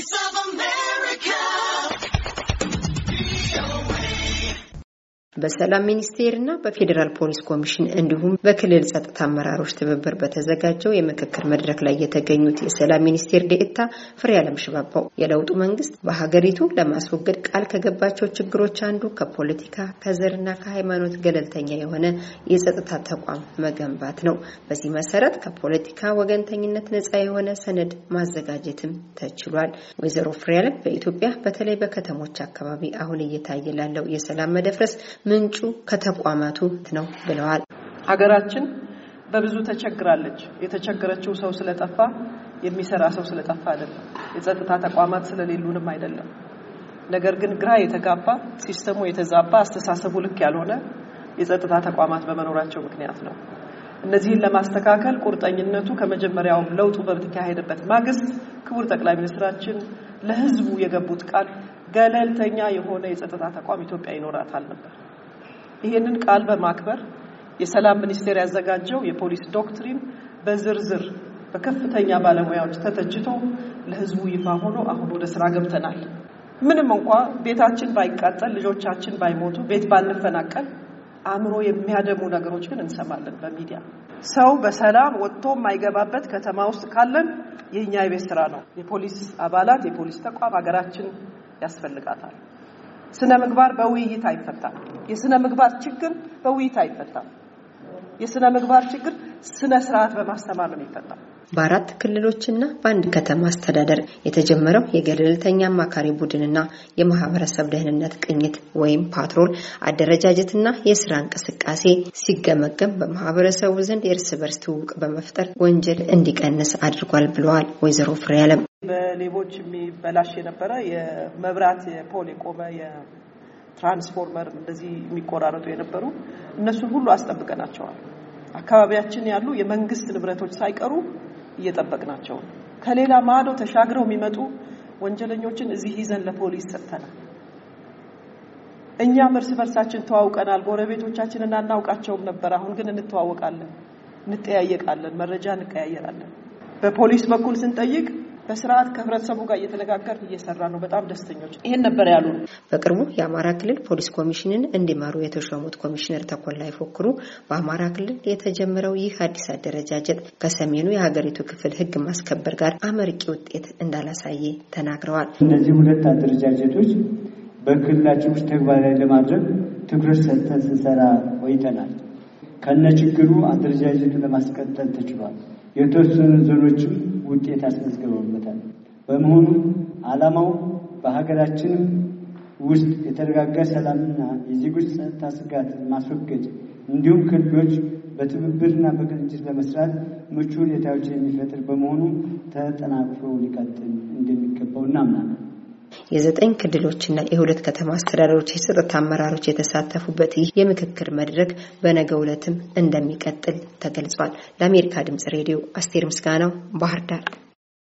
voice of በሰላም ሚኒስቴር እና በፌዴራል ፖሊስ ኮሚሽን እንዲሁም በክልል ጸጥታ አመራሮች ትብብር በተዘጋጀው የምክክር መድረክ ላይ የተገኙት የሰላም ሚኒስቴር ዴኤታ ፍሬ አለም ሽባባው የለውጡ መንግስት በሀገሪቱ ለማስወገድ ቃል ከገባቸው ችግሮች አንዱ ከፖለቲካ ከዘርና ከሃይማኖት ገለልተኛ የሆነ የጸጥታ ተቋም መገንባት ነው። በዚህ መሰረት ከፖለቲካ ወገንተኝነት ነጻ የሆነ ሰነድ ማዘጋጀትም ተችሏል። ወይዘሮ አለም በኢትዮጵያ በተለይ በከተሞች አካባቢ አሁን እየታየ ላለው የሰላም መደፍረስ ምንጩ ከተቋማቱ ነው ብለዋል። ሀገራችን በብዙ ተቸግራለች። የተቸገረችው ሰው ስለጠፋ የሚሰራ ሰው ስለጠፋ አይደለም። የጸጥታ ተቋማት ስለሌሉንም አይደለም። ነገር ግን ግራ የተጋባ ሲስተሙ የተዛባ አስተሳሰቡ ልክ ያልሆነ የጸጥታ ተቋማት በመኖራቸው ምክንያት ነው። እነዚህን ለማስተካከል ቁርጠኝነቱ ከመጀመሪያውም ለውጡ በተካሄደበት ማግስት ክቡር ጠቅላይ ሚኒስትራችን ለሕዝቡ የገቡት ቃል ገለልተኛ የሆነ የጸጥታ ተቋም ኢትዮጵያ ይኖራታል ነበር። ይህንን ቃል በማክበር የሰላም ሚኒስቴር ያዘጋጀው የፖሊስ ዶክትሪን በዝርዝር በከፍተኛ ባለሙያዎች ተተጅቶ ለህዝቡ ይፋ ሆኖ አሁን ወደ ስራ ገብተናል። ምንም እንኳ ቤታችን ባይቃጠል፣ ልጆቻችን ባይሞቱ፣ ቤት ባንፈናቀል አእምሮ የሚያደሙ ነገሮች ግን እንሰማለን በሚዲያ ሰው በሰላም ወጥቶ የማይገባበት ከተማ ውስጥ ካለን የእኛ የቤት ስራ ነው። የፖሊስ አባላት የፖሊስ ተቋም ሀገራችን ያስፈልጋታል። ስነ ምግባር በውይይት አይፈታም። የስነ ምግባር ችግር በውይይት አይፈታም። የስነ ምግባር ችግር ስነ ስርዓት በማስተማር ነው የሚፈታው። በአራት ክልሎችና በአንድ ከተማ አስተዳደር የተጀመረው የገለልተኛ አማካሪ ቡድንና የማህበረሰብ ደህንነት ቅኝት ወይም ፓትሮል አደረጃጀትና የስራ እንቅስቃሴ ሲገመገም በማህበረሰቡ ዘንድ የእርስ በርስ ትውውቅ በመፍጠር ወንጀል እንዲቀንስ አድርጓል ብለዋል ወይዘሮ ፍሬ አለም። በሌቦች የሚበላሽ የነበረ የመብራት የፖል የቆመ የትራንስፎርመር እንደዚህ የሚቆራረጡ የነበሩ እነሱን ሁሉ አስጠብቀናቸዋል። አካባቢያችን ያሉ የመንግስት ንብረቶች ሳይቀሩ እየጠበቅናቸው ነው። ከሌላ ማዶ ተሻግረው የሚመጡ ወንጀለኞችን እዚህ ይዘን ለፖሊስ ሰጥተናል። እኛም እርስ በርሳችን ተዋውቀናል። ጎረቤቶቻችንን አናውቃቸውም ነበር። አሁን ግን እንተዋወቃለን፣ እንጠያየቃለን፣ መረጃ እንቀያየራለን። በፖሊስ በኩል ስንጠይቅ በስርዓት ከህብረተሰቡ ጋር እየተነጋገር እየሰራ ነው። በጣም ደስተኞች ይሄን ነበር ያሉ። በቅርቡ የአማራ ክልል ፖሊስ ኮሚሽንን እንዲመሩ የተሾሙት ኮሚሽነር ተኮላ ይፎክሩ በአማራ ክልል የተጀመረው ይህ አዲስ አደረጃጀት ከሰሜኑ የሀገሪቱ ክፍል ህግ ማስከበር ጋር አመርቂ ውጤት እንዳላሳየ ተናግረዋል። እነዚህ ሁለት አደረጃጀቶች በክልላችን ውስጥ ተግባራዊ ለማድረግ ትኩረት ሰጥተን ስንሰራ ቆይተናል። ከነ ችግሩ አደረጃጀቱ ለማስቀጠል ተችሏል። የተወሰኑ ዞኖችም ውጤት አስመዝግበውበታል። በመሆኑ ዓላማው በሀገራችንም ውስጥ የተረጋጋ ሰላምና የዜጎች ጸጥታ ስጋት ማስወገድ እንዲሁም ክልሎች በትብብርና በቅንጅት ለመስራት ምቹ ሁኔታዎች የሚፈጥር በመሆኑ ተጠናክሮ ሊቀጥል እንደሚገባው እናምናለን። የዘጠኝ ክልሎችና የሁለት ከተማ አስተዳደሮች የጸጥታ አመራሮች የተሳተፉበት ይህ የምክክር መድረክ በነገ ዕለትም እንደሚቀጥል ተገልጿል። ለአሜሪካ ድምጽ ሬዲዮ አስቴር ምስጋናው ባህር ዳር